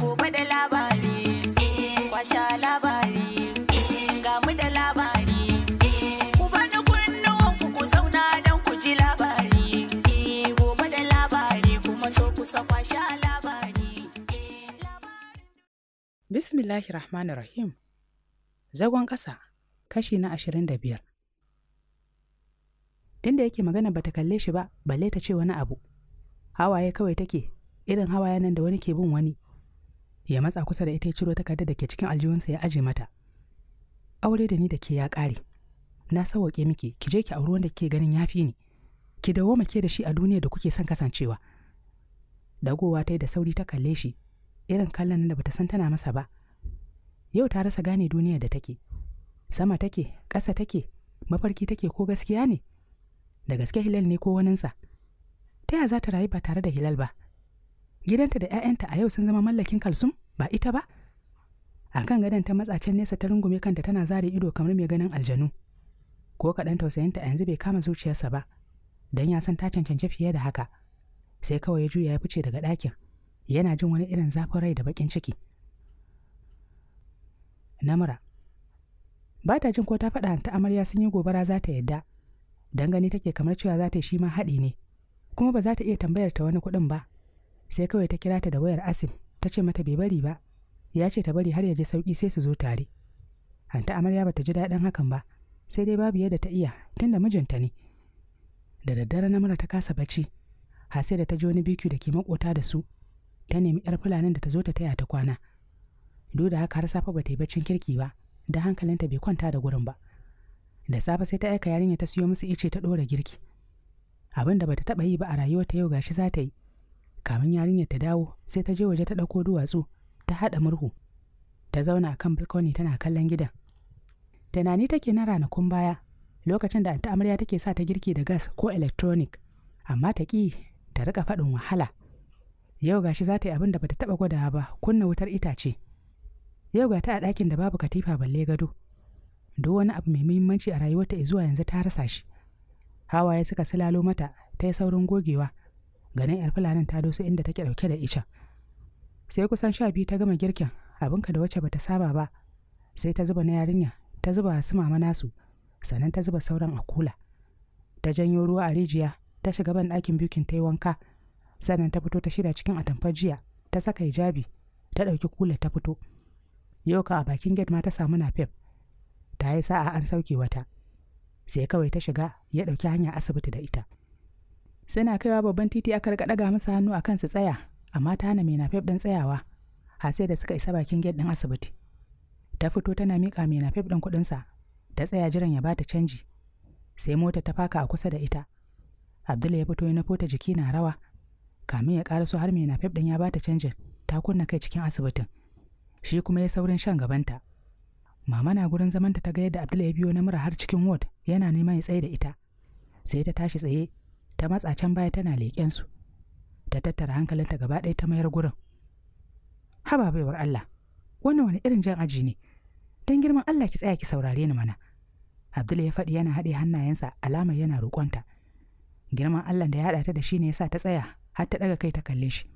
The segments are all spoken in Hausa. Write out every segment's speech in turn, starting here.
gobe da labari eh, kwasha labari eh, ga mu da labari eh, ku bani kunnuwan ku ku zauna don ku ji labari gobe da labari kuma so ku sa kwasha labari bismillahir rahmanir rahim zagon ƙasa kashi na ashirin da biyar tun da yake magana bata kalle shi ba balle ta ce wani abu hawaye kawai take irin hawaye nan da wani ke bin wani ya matsa kusa da ita ya ciro takardar da ke cikin aljihunsa ya aje mata aure da ni da ke ya kare. na sawaƙe miki ki je ki auri wanda ke ganin yafi ni ki dawo ke da shi a duniya da kuke son kasancewa dagowa ta yi da sauri ta kalle shi irin kallon nan da bata san tana masa ba yau ta rasa gane duniya da take sama take ƙasa take mafarki take ko gaskiya ne da gaske hilal ne ko waninsa ta yaya za ta rayu ba tare da hilal ba gidanta da 'ya'yanta a yau sun zama mallakin kalsum ba ita ba a kan gadon ta matsa can nesa ta rungume kanta tana zare ido kamar mai ganin aljanu ko kaɗan tausayinta a yanzu bai kama zuciyarsa ba don ya san ta cancanci fiye da haka sai kawai ya juya ya fice daga ɗakin yana jin wani irin zafin rai da bakin ciki namura ba ta jin ko ta faɗa ta amarya sun yi gobara za ta yadda don gani take kamar cewa za ta yi shi ma haɗi ne kuma ba za ta iya tambayar ta wani kuɗin ba sai kawai ta kira ta da wayar asim ta ce mata bai bari ba ya ce ta bari har ya ji sauki sai su zo tare anta amarya bata ji daɗin hakan ba sai dai babu yadda ta iya tunda mijinta ne da daddare na mura ta kasa bacci har sai da ta ji wani bikyu da ke makota da su ta nemi yar fulanin da ta zo ta taya ta kwana duk da haka har safe bata yi baccin kirki ba da hankalinta bai kwanta da gurin ba da safe sai ta aika yarinya ta siyo musu ice ta ɗora girki abin da bata taɓa yi ba a rayuwarta yau gashi za ta yi kamin yarinyar ta dawo sai ta je waje ta ɗauko duwatsu ta haɗa murhu ta zauna a kan balkoni tana kallon gidan tunani take na ranakun baya lokacin da anta amarya take sa ta girki da gas ko electronic amma ta ƙi ta riƙa faɗin wahala yau gashi za ta yi abin da bata taɓa gwadawa ba kunna wutar itace yau ga ta a ɗakin da babu katifa balle gado duk wani abu mai muhimmanci a rayuwarta zuwa yanzu ta rasa shi hawaye suka silalo mata ta yi saurin gogewa ganin yar fulanin ta doso inda take dauke da isha. sai kusan sha biyu ta gama girkin abinka da wacce bata saba ba sai ta zuba na yarinya ta zuba su mama nasu sannan ta zuba sauran a kula ta janyo ruwa a rijiya ta shiga ban ɗakin bikin ta yi wanka sannan ta fito ta shirya cikin atamfar jiya ta saka hijabi ta ɗauki kula ta fito yau ka a bakin gate ma ta samu nafef ta yi sa'a an sauke wata sai kawai ta shiga ya ɗauki hanya asibiti da ita suna kaiwa babban titi aka rika daga masa hannu akan su tsaya amma ta hana mai nafef ɗin tsayawa har sai da suka isa bakin gate din asibiti ta fito tana mika mai na din ɗin sa ta tsaya jiran ya bata canji sai mota ta faka a kusa da ita abdul ya fito ya nufo ta jiki na rawa kamin ya su har mai na fef ɗin ya bata canjin ta kunna kai cikin asibitin shi kuma ya saurin shan gabanta mama na gurin zamanta ta ga yadda abdul ya biyo na mura har cikin ward yana neman ya tsaye da ita sai ta tashi tsaye ta matsa can baya tana leƙen su ta tattara hankalinta gaba ɗaya ta mayar gurin haba baiwar Allah wannan wani irin jan aji ne don girman Allah ki tsaya ki saurare ni mana Abdul ya faɗi yana haɗe hannayensa alamar yana roƙonta girman Allah da ya haɗa ta da shi ne ya sa ta tsaya har ta ɗaga kai ta kalle shi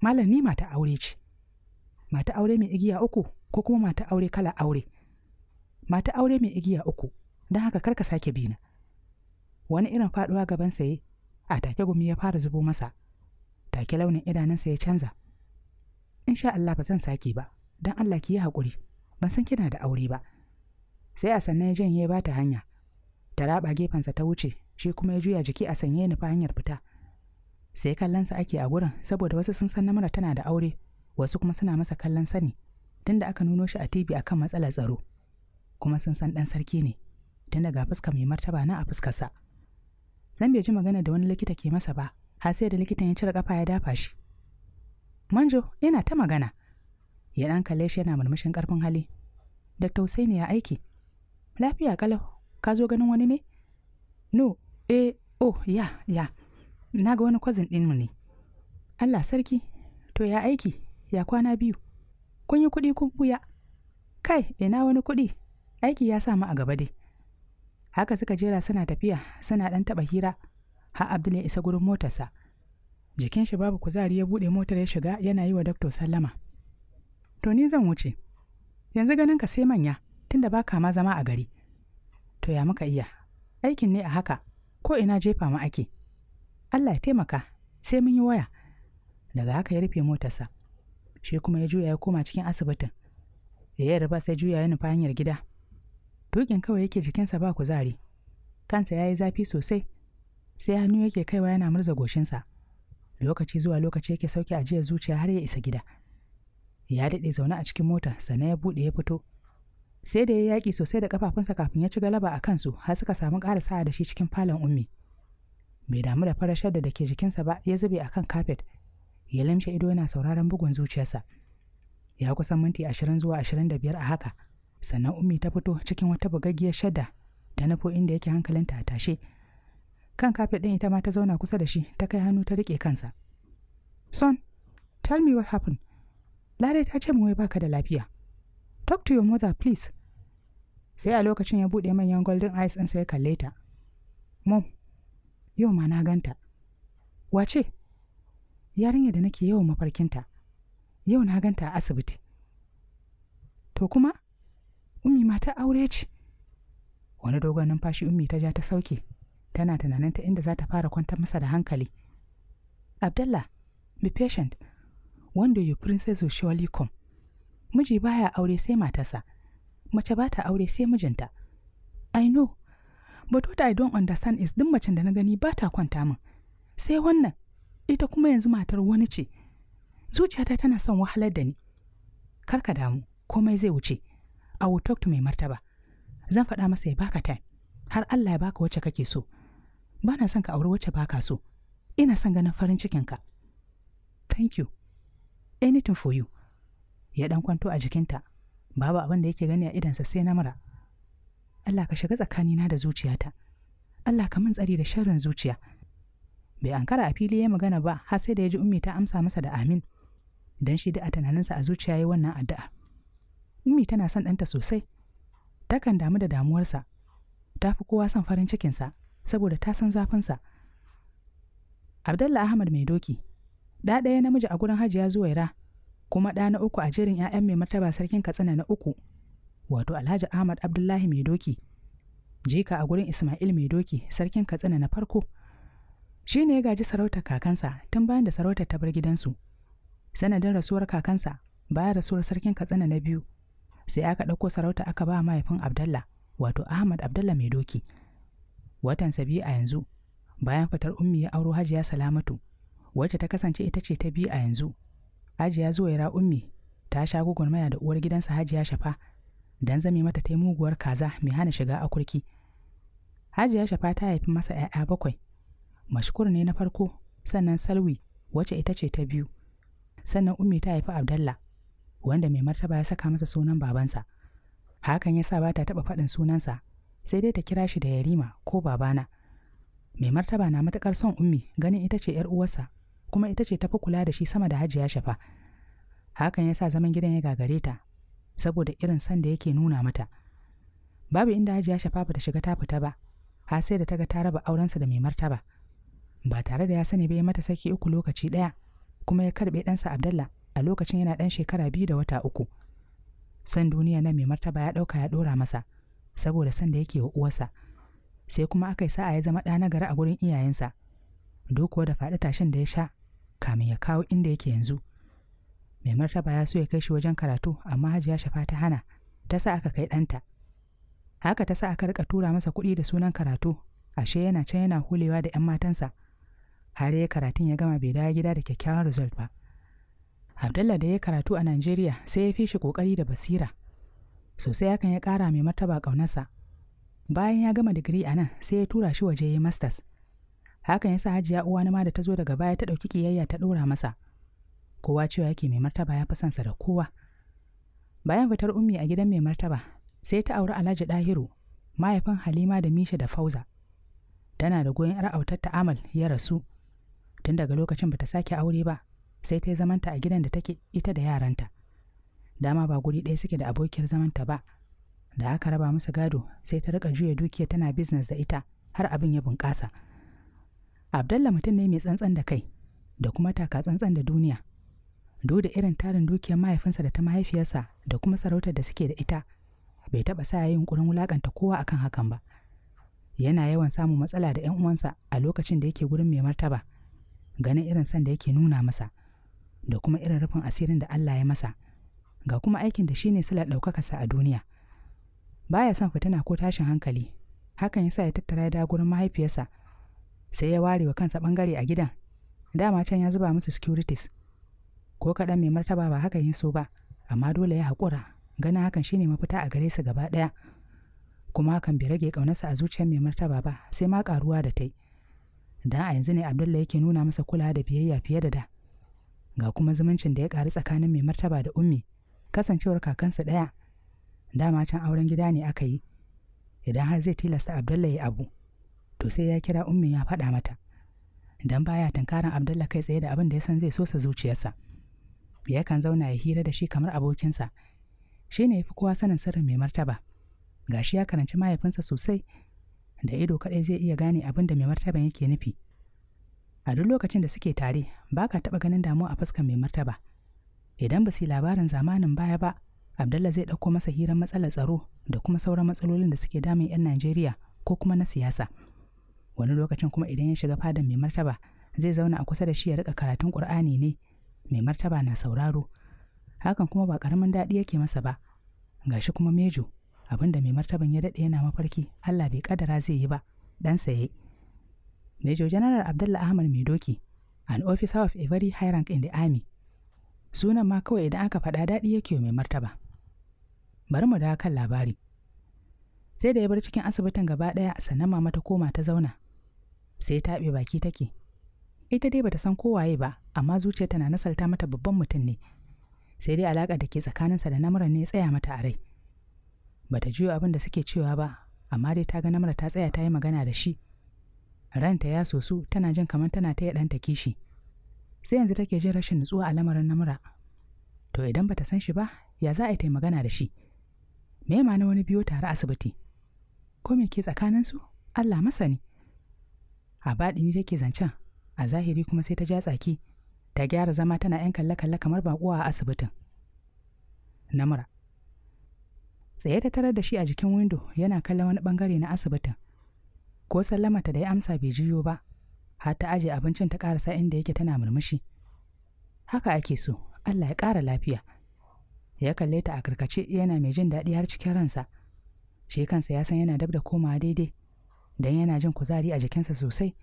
malam ni mata aure ce mata aure mai igiya uku ko kuma mata aure kala aure mata aure mai igiya uku don haka karka sake bina wani irin faɗuwa gaban saye a take gumi ya fara zubo masa take launin idanunsa ya canza In sha Allah ba zan sake ba dan Allah ki yi hakuri, ban san kina da aure ba sai a sannan ya janye ba bata hanya ta raba gefensa ta wuce shi kuma ya juya jiki a sanye ni fa hanyar fita sai kallonsa ake a gurin saboda wasu sun san namura tana da aure wasu kuma suna masa kallon sani tunda aka nuno shi a TV akan matsalar tsaro kuma sun san dan sarki ne tunda ga fuska mai martaba na a fuskarsa. sa zan bai ji magana da wani likita ke masa ba har sai da likitan ya cire kafa ya dafa shi manjo yana ta magana ya dan kalle shi yana murmushin karfin hali dr husaini ya aiki lafiya kalau ka zo ganin wani ne no eh oh ya ya na ga wani kwazin dinmu ne allah sarki to ya aiki ya kwana biyu kun yi kuɗi kun buya kai ina wani kuɗi aiki ya sa mu a gaba dai haka suka jera suna tafiya suna ɗan taɓa hira har abdul ya isa gurin motarsa jikin shi babu kuzari ya buɗe motar ya shiga yana yi wa dakto sallama to ni zan wuce yanzu ganin ka sai manya tunda baka ma zama a gari to ya muka iya aikin ne a haka ko ina jefa mu ake Allah ya taimaka sai mun yi waya daga haka ya rufe motarsa shi kuma ya juya ya koma cikin asibitin ya yi sai juya ya nufa hanyar gida dukin kawai yake jikinsa ba kuzari kansa ya yi zafi sosai sai hannu yake kaiwa yana murza goshinsa lokaci zuwa lokaci yake sauke ajiyar zuciya har ya isa gida ya daɗe zaune a cikin mota sannan ya buɗe ya fito sai da ya yaƙi sosai da kafafunsa kafin ya ci galaba a kansu har suka samu ƙara sa'a da shi cikin falon ummi bai damu da farashar da ke jikinsa ba ya zube akan kafet ya lamshe ido yana sauraron bugun zuciyarsa ya kusan minti ashirin zuwa ashirin da biyar a haka sannan ummi ta fito cikin wata bugaggiyar shadda ta nufo inda yake hankalinta a tashe kan kafe ɗin ita ma ta zauna kusa da shi ta kai hannu ta riƙe kansa son tell me what happened lare ta ce wai baka da lafiya talk to your mother please sai a lokacin ya buɗe manyan golden eyes ɗinsa ya kalle ta mom yau ma na ganta wace yarinyar da nake yawan mafarkinta yau na ganta a asibiti to kuma ummi mata aure ce wani dogon numfashi ummi ta ja ta sauke tana tunanin ta inda za ta fara kwantar masa da hankali abdallah be patient one day your princess will surely come miji baya aure sai matarsa mace ba ta aure sai mijinta i know but what i don't understand is duk macen da na gani ba ta kwanta min sai wannan ita kuma yanzu matar wani ce zuciyata tana son wahalar da ni kar ka damu komai zai wuce I will talk to mai martaba. Zan faɗa masa ya baka time, har Allah ya baka wacce kake so. Ba na son ka auri wacce baka so. Ina son ganin farin cikinka. Thank you. Anything for you. Ya ɗan kwanto a jikinta, babu abin da yake gani a idansa sai na mura. Allah ka shiga tsakanina da zuciyata. Allah ka min tsari da sharrin zuciya. Bai ankara a fili ya magana ba har sai da ya ji ummi ta amsa masa da amin. Dan shi da a tunaninsa a zuciya ya wannan addu'a. Ummi tana son ɗanta sosai. Takan damu da damuwarsa. Ta fi kowa son farin cikinsa saboda ta san zafinsa. Abdallah Ahmad mai doki. Ɗa ɗaya namiji a gurin Hajiya Zuwaira kuma ɗa na uku a jerin 'ya'yan mai martaba sarkin Katsina na uku. Wato Alhaji Ahmad Abdullahi mai doki. Jika a gurin Ismail mai doki sarkin Katsina na farko. Shi ne ya gaji sarautar kakansa tun bayan da sarautar ta bar gidansu. Sanadin rasuwar kakansa bayan rasuwar sarkin Katsina na biyu sai aka ɗauko sarauta aka ba mahaifin abdallah wato ahmad abdallah mai doki watan sabi a yanzu bayan fitar ummi ya auro hajiya salamatu wacce ta kasance ita ce ta biyu a yanzu hajiya zuwa yara ummi ta sha maya da uwar gidansa hajiya shafa don zame mata ta muguwar kaza mai hana shiga a kurki hajiya shafa ta haifi masa 'ya'ya bakwai mashkur ne na farko sannan salwi wacce ita ce ta biyu sannan ummi ta haifi abdallah wanda mai martaba ya saka masa sunan babansa hakan ya sa ba ta taɓa faɗin sunansa sai dai ta kira shi da yarima ko babana mai martaba na matuƙar son ummi ganin ita ce 'yar uwarsa kuma ita ce tafi kula da shi sama da hajiya shafa hakan ya sa zaman gidan ya gagare ta saboda irin san da yake nuna mata babu inda hajiya shafa ba ta shiga ta fita ba har sai da ta ga ta raba aurensa da mai martaba ba tare da ya sani ba ya mata saki uku lokaci ɗaya kuma ya karɓe ɗansa abdallah a lokacin yana ɗan shekara biyu da wata uku san duniya na mai martaba ya ɗauka ya ɗora masa saboda san da yake wa uwarsa sai kuma aka yi sa'a ya zama ɗa nagari a gurin iyayensa dokuwa da faɗi tashin da ya sha kamin ya kawo inda yake yanzu mai martaba ya so ya kai shi wajen karatu amma hajiya shafa ta hana ta sa aka kai ɗanta haka ta sa aka rika tura masa kuɗi da sunan karatu ashe yana can yana hulewa da 'yan matansa har ya karatun ya gama bai dawo gida da kyakkyawan result ba Abdullah da ya karatu a Najeriya sai ya fi shi ƙoƙari da basira. Sosai hakan ya ƙara mai martaba ƙaunarsa. Bayan ya gama digiri a nan sai ya tura shi waje ya masters. Hakan ya sa hajiya uwa ma da ta zo daga baya ta ɗauki ƙiyayya ta ɗora masa. Kowa cewa yake mai martaba ya fi sansa da kowa. Bayan fitar ummi a gidan mai martaba sai ta auri Alhaji Dahiru mahaifin Halima da Misha da Fauza. Tana da goyon 'yar autar ta Amal ya rasu. Tun daga lokacin bata sake aure ba, sai ta yi zamanta a gidan da take ita da yaranta dama ba guri ɗaya suke da abokiyar zamanta ba da aka raba musu gado sai ta rika juya dukiya tana business da ita har abin ya bunƙasa abdalla mutum ne mai tsantsan da kai da kuma taka tsantsan da duniya duk da irin tarin dukiyar mahaifinsa da ta mahaifiyarsa da kuma sarautar da suke da ita bai taɓa sa yin yunkurin wulaƙanta kowa akan hakan ba yana yawan samun matsala da 'yan uwansa a lokacin da yake gurin mai martaba ganin irin san da yake nuna masa da kuma irin rufin asirin da Allah ya masa ga kuma aikin da shi shine sila ɗaukakarsa a duniya baya son fitina ko tashin hankali hakan yasa ya tattara ya da gurin mahaifiyarsa sai ya ware wa kansa ɓangare a gidan dama can ya zuba musu securities ko kaɗan mai martaba ba haka yin so ba amma dole ya haƙura ganin hakan shi ne mafita a gare su gaba ɗaya kuma hakan bai rage ƙaunarsa a zuciyar mai martaba ba sai ma ƙaruwa da ta yi dan a yanzu ne abdullahi yake nuna masa kulawa da biyayya fiye da da ga kuma zumuncin da ya ƙaru tsakanin mai martaba da ummi kasancewar kakansa ɗaya dama can auren gida ne aka yi idan har zai tilasta Abdullahi abu to sai ya kira ummi ya faɗa mata dan baya tunkarin abdalla kai tsaye da abin da ya san zai sosa zuciyarsa yakan zauna ya hira da shi kamar abokinsa shi ne yafi kowa sanin sirrin mai martaba gashi ya karanci mahaifinsa sosai da ido kaɗai zai iya gane abin da mai martaban yake nufi a duk lokacin da suke tare ba ka taɓa ganin damuwa a fuskar mai martaba idan ba su yi labarin zamanin baya ba abdallah zai ɗauko masa hirar matsalar tsaro da kuma sauran matsalolin da suke damun 'yan najeriya ko kuma na siyasa wani lokacin kuma idan ya shiga fadar mai martaba zai zauna a kusa da shi ya rika karatun ƙur'ani ne mai martaba na sauraro hakan kuma ba ƙaramin daɗi yake masa ba gashi kuma mejo abinda mai martaban ya daɗe yana mafarki allah bai ƙadara zai yi ba ɗansa ya yi Major General Abdullah Ahmad Maidoki, an officer of a very high rank in the army. Sunan ma kawai idan aka faɗa daɗi yake mai martaba. Bari mu da kan labari. Sai da ya bar cikin asibitin gaba ɗaya sannan mama ta koma ta zauna. Sai ta ɓe baki take. Ita dai bata san kowaye ba, amma zuciya tana nasalta mata babban mutum ne. Sai dai alaƙa da ke tsakaninsa da namuran ne ya tsaya mata a rai. Bata juyo abin da suke cewa ba, amma dai ta ga ta tsaya ta yi magana da shi, ranta ya soso tana jin kamar tana taya ta kishi sai yanzu take jin rashin nutsuwa a lamarin namura to idan bata san shi ba ya za a yi magana da shi me ma na wani biyo tare asibiti ko me ke tsakanin su allah masani a baɗi ni take zancen a zahiri kuma sai ta ja tsaki ta gyara zama tana yan kalle-kalle kamar baƙuwa a asibitin namura tsaye ta tarar da shi a jikin windo yana kallon wani bangare na asibitin ko sallama ta da ya amsa bai jiyo ba har ta aje abincin ta karasa inda yake tana murmushi haka ake so Allah ya ƙara lafiya ya kalle ta a karkace yana mai jin daɗi har cikin ransa shi kansa ya san yana dab da komawa daidai dan yana jin kuzari a jikinsa sosai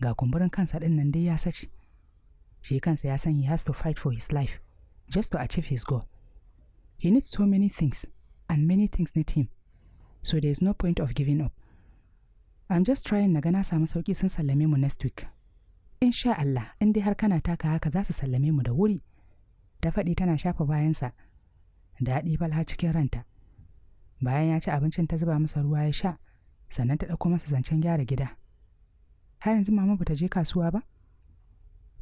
ga kumburin kansa ɗin nan dai ya saci shi kansa ya san he has to fight for his life just to achieve his goal he needs so many things and many things need him so there is no point of giving up I'm just trying na ga na samu sauki sun sallame mu next week. Insha Allah, in dai har kana taka haka za su sallame mu da wuri. Ta faɗi tana shafa bayansa. Daɗi falha cikin ranta. Bayan ya ci abincin ta zuba masa ruwa ya sha, sannan ta ɗauko masa zancen gyara gida. Har yanzu mama bata je kasuwa ba?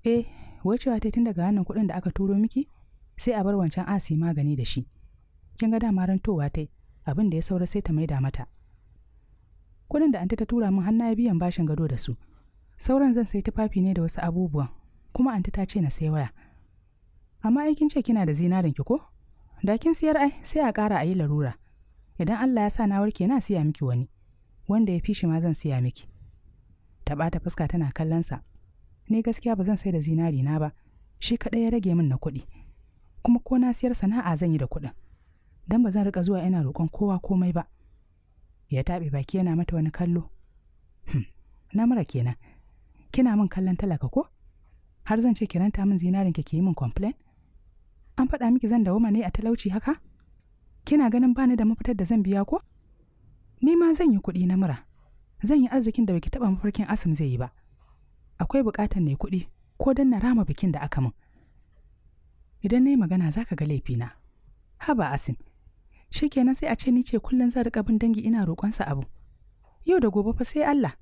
Eh, wai cewa ta tun daga wannan kuɗin da aka turo miki, sai a bar wancan asi magani da shi. Kin ga dama rantowa ta abin da ya saura sai ta maida mata. kudin da anta ta tura min hannu biyan bashin gado da su sauran zan sai tufafi ne da wasu abubuwan kuma anta ta ce na sai waya amma aikin ce kina da zinarin ki ko da kin siyar ai sai a kara a yi larura idan Allah ya sa na warke na siya miki wani wanda ya fi shi ma zan siya miki ta ɓata fuska tana kallon sa ni gaskiya ba zan sai da zinari na ba shi kaɗai ya rage min na kuɗi kuma ko na siyar sana'a zan yi da kuɗin don ba zan riƙa zuwa ina roƙon kowa komai ba ya taɓe baki yana mata wani kallo hmm, na mura kenan kina min kallon talaka ko har zan ce kiranta min zinarin ke yi min complain an faɗa miki zan dawoma ne a talauci haka kina ganin bani da mafitar da zan biya ko ni ma zan yi kuɗi na mura zan yi arzikin da baki taɓa mafarkin asim zai yi ba akwai buƙatar ne kuɗi ko don na rama bikin da aka min idan na yi magana za ka ga laifina haba asim shi kenan sai a ce ni ce kullum zan rika bin dangi ina roƙonsa abu yau da gobe fa sai Allah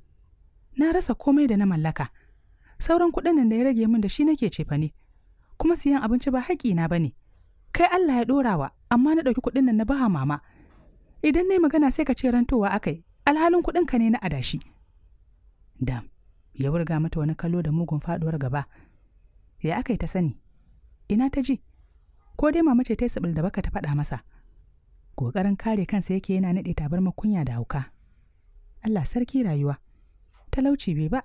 na rasa komai da na mallaka sauran kuɗin nan da ya rage min da shi nake cefa ne kuma siyan abinci ba haƙi na bane kai Allah ya ɗorawa amma na ɗauki kuɗin nan na baha mama idan na magana sai ka ce rantowa akai alhalin kuɗin ka ne na adashi da ya wurga mata wani kallo da mugun faɗuwar gaba ya akai ta sani ina ta ji ko dai mama ce ta yi da baka ta faɗa masa ƙoƙarin kare kansa yake yana naɗe tabar makunya da hauka Allah sarki rayuwa talauci bai ba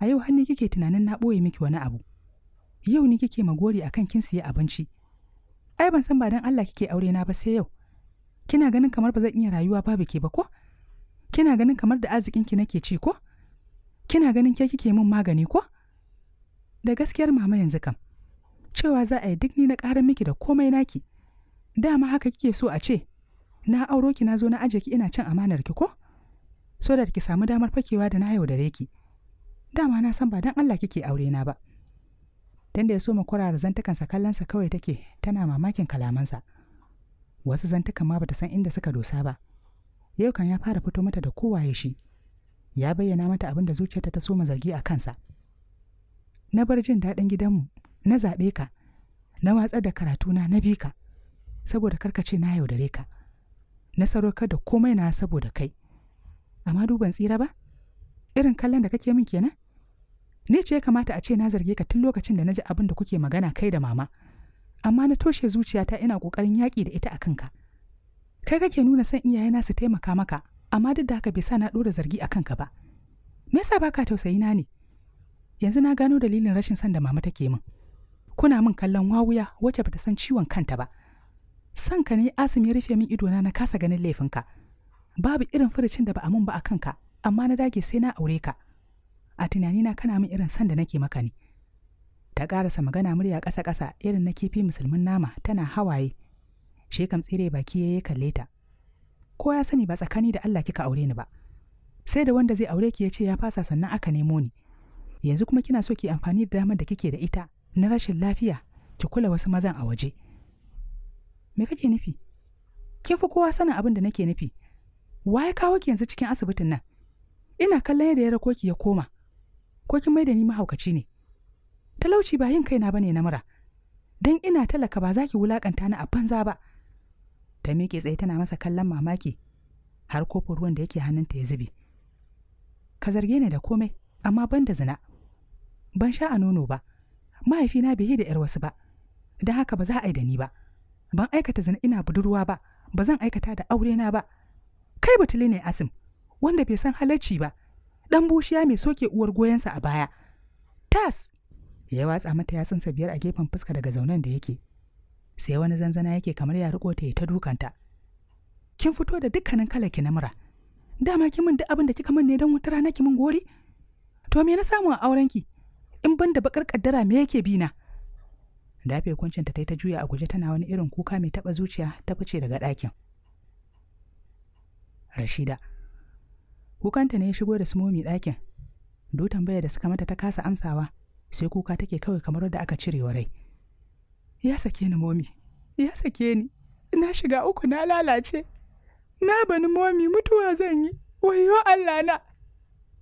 a yau hannu kike tunanin na ɓoye miki wani abu yau ni kike magori akan kin siya abinci ai ban san ba dan Allah kike aure na ba sai yau kina ganin kamar ba zan iya rayuwa babu ke ba ko kina ganin kamar da arzikin ki nake ci ko kina ganin ke kike min magani ko da gaskiyar mama yanzu kam cewa za a yi duk ni na ƙara miki da komai naki dama haka kike so a ce na auro ki na zo na aje ki ina cin amanar ki ko so da ki samu damar fakewa da na yaudare ki dama na san ba dan Allah kike aure na ba tunda ya so sa kallon sa kawai take tana mamakin kalamansa wasu zantakan ma bata san inda suka dosa ba yau kan ya fara fito mata da kowaye shi ya bayyana mata abin da zuciyarta ta soma zargi a kansa na bar jin daɗin gidanmu na zaɓe ka na watsar da karatuna na bi ka saboda karka ce na yaudare ka na sadaukar da komai na saboda kai amma duban tsira ba irin kallon da kake min kenan ne ce ya kamata a ce na zarge ka tun lokacin da na ji abin da kuke magana kai da mama amma na toshe zuciyata ina ƙoƙarin yaƙi da ita a kanka kai kake nuna son iyayena su taimaka maka amma duk da haka bai sa na ɗora zargi a kanka ba me yasa baka tausayi na ne yanzu na gano dalilin rashin son da mama take min kuna min kallon wawuya wacce bata san ciwon kanta ba san ka ne asim ya rufe min idona na kasa ganin laifinka babu irin furucin da ba a mun ba a kanka amma na dage sai na aure ka a tunani na kana min irin san da nake maka ne ta karasa magana murya ƙasa-ƙasa irin na kifi musulmin nama tana hawaye she kam tsire baki yayi kalle ta ko ya sani ba tsakani da Allah kika aure ni ba sai da wanda zai aure ki ya ce ya fasa sannan aka nemo ni yanzu kuma kina so ki amfani da damar da kike da ita na rashin lafiya ki kula wasu mazan a waje me kake nufi kin fi kowa sanin abin da nake nufi wa ya kawo ki yanzu cikin asibitin nan ina kallon yadda ya rako ki ya koma ko kin mai da ni mahaukaci ne talauci ba yin kaina bane na mura dan ina talaka ba za ki wulakanta ni a banza ba ta miƙe tsaye tana masa kallon mamaki har kofin ruwan da yake hannunta ya zube ka zarge ni da komai amma ban da zina ban sha a nono ba mahaifina bai yi da 'yar wasu ba don haka ba za a yi da ni ba ban aikata zina ina budurwa ba ba zan aikata da aure na ba kai batuli ne asim wanda bai san halacci ba dan bushiya mai soke uwar goyensa a baya tas ya watsa mata sa biyar a gefen fuska daga zaunan da yake sai wani zanzana yake kamar ya riko ta ta dukanta kin fito da dukkanin kala ki mura dama ki min duk abin da kika min ne don wata rana ki min gori to me na samu a aurenki in banda da bakar kaddara me yake bi na dafe kuncinta ta ta juya a guje tana wani irin kuka mai taɓa zuciya ta fice daga ɗakin rashida kukanta ne ya shigo da sumomi ɗakin do tambaya da suka mata ta kasa amsawa sai kuka take kawai kamar da aka wa rai ya sake ni momi ya sake ni na shiga uku na lalace na bani momi mutuwa zan yi wayo allah na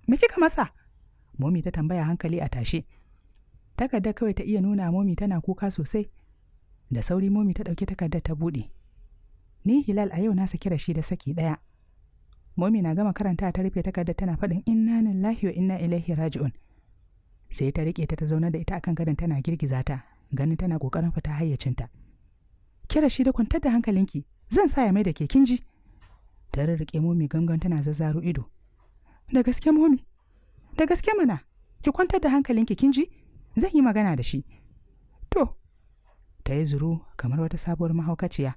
me kika masa momi ta tambaya hankali a tashe takarda kawai ta iya nuna momi tana kuka sosai da sauri momi ta ɗauki takarda ta buɗe ni hilal a yau na saki rashi da saki daya. momi na gama karanta ta rufe takarda tana faɗin inna lillahi wa inna ilaihi raji'un sai ta riƙe ta ta zauna da ita akan gadon tana girgiza ta ganin tana kokarin fita hayyacinta kira shi da kwantar da hankalinki zan sa ya mai da ke kin ji ta rarriƙe momi gangan tana zazzaro ido da gaske momi da gaske mana ki kwantar da hankalinki kin ji zan yi magana da shi to ta yi zuru kamar wata sabuwar mahaukaciya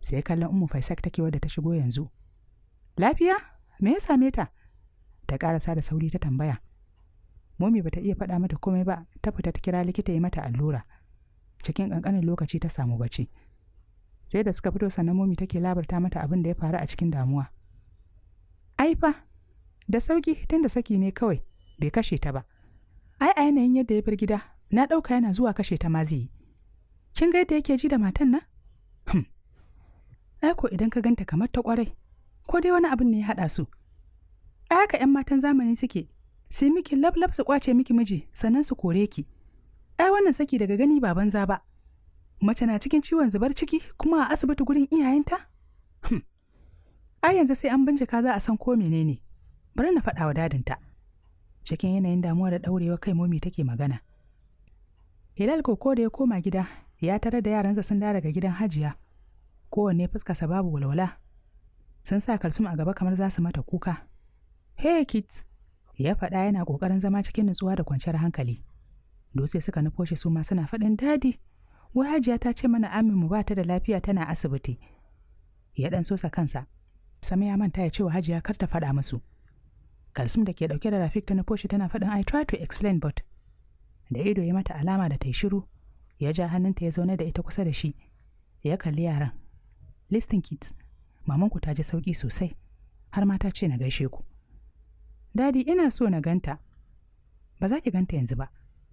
sai kallon umu faisak take wadda ta shigo yanzu lafiya me ya same ta ta karasa da sauri ta tambaya momi bata iya faɗa mata komai ba ta fita ta kira likita ya mata allura cikin ƙanƙanin lokaci ta samu bacci sai da suka fito sannan momi take labarta mata abin da ya faru a cikin damuwa Aifa! fa da sauki tunda saki ne kawai bai kashe ta ba ai a yanayin yadda ya bar gida na ɗauka yana zuwa kashe ta mazi kin ga yadda yake ji da matan nan hmm. ai ko idan ka ganta kamar ta kwarai ko dai wani abin ne ya haɗa su ai haka 'yan matan zamani suke sai miki lablab su kwace miki miji sannan su kore ki ai wannan saki daga gani ba banza ba mace na cikin ciwon zubar ciki kuma a asibiti gurin iyayenta hm. ai yanzu sai an bincika za a san ko menene bari na faɗa wa dadinta. cikin yanayin damuwa da ɗaurewa kai momi take magana hilal koko da ya koma gida ya tarar da yaransa sun da daga gidan hajiya kowanne fuskarsa babu walwala sun sa kalsum a gaba kamar za su mata kuka hey kids ya faɗa yana ƙoƙarin zama cikin nutsuwa da kwanciyar hankali dose suka nufo shi su ma suna faɗin dadi wai hajiya ta ce mana amin mu ba ta da lafiya tana asibiti ya ɗan sosa kansa sama ya manta ya ce wa hajiya kar ta faɗa musu kalsum da ke dauke da rafik ta na tana faɗin i try to explain but da ido ya mata alama da ta yi shiru ya ja hannunta ya zaune da ita kusa da shi ya kalli yaran listin maman mamanku ta ji sauki sosai har ma ta ce na gaishe ku dadi ina so na ganta ba za ki ganta yanzu ba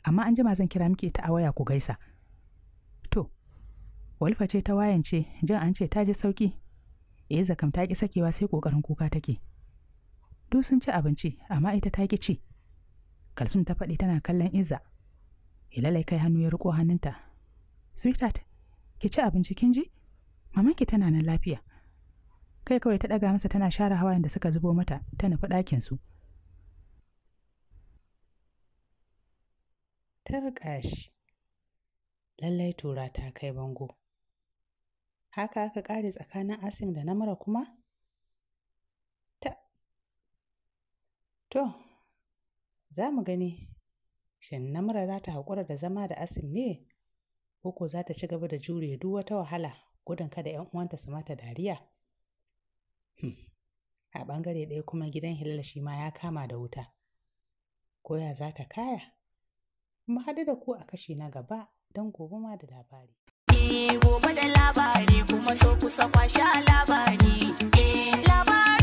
amma an jima zan kira miki ta a waya ku gaisa to walfa ce ta wayance jin an ce ta ji sauki eh zakam ta ki sakewa sai kokarin kuka take. duk sun ci abinci amma ita ta ki ci kalsum ta faɗi tana kallon iza ilalai kai hannu ya riko hannunta sweetheart ki ci abinci kin ji mamanki tana nan lafiya kai kawai ta ɗaga masa tana share hawayen da suka zubo mata ta nufi ɗakinsu ta riƙa shi lallai tura ta kai bango haka aka ƙare tsakanin asim da na namura kuma To, za mu gani, shin namura za ta haƙura da zama da asin ne, ko za ta ci gaba da jure duk wata wahala gudun kada ‘yan uwanta su mata dariya? Hmm, a ɓangare ɗaya kuma gidan Hilal shi ma ya kama da wuta. Koya za ta kaya? Mu haɗu da ku a kashi na gaba don gobe ma da labari. Eh, gobe da labari kuma so kusa kwashe labari. Eh, labari.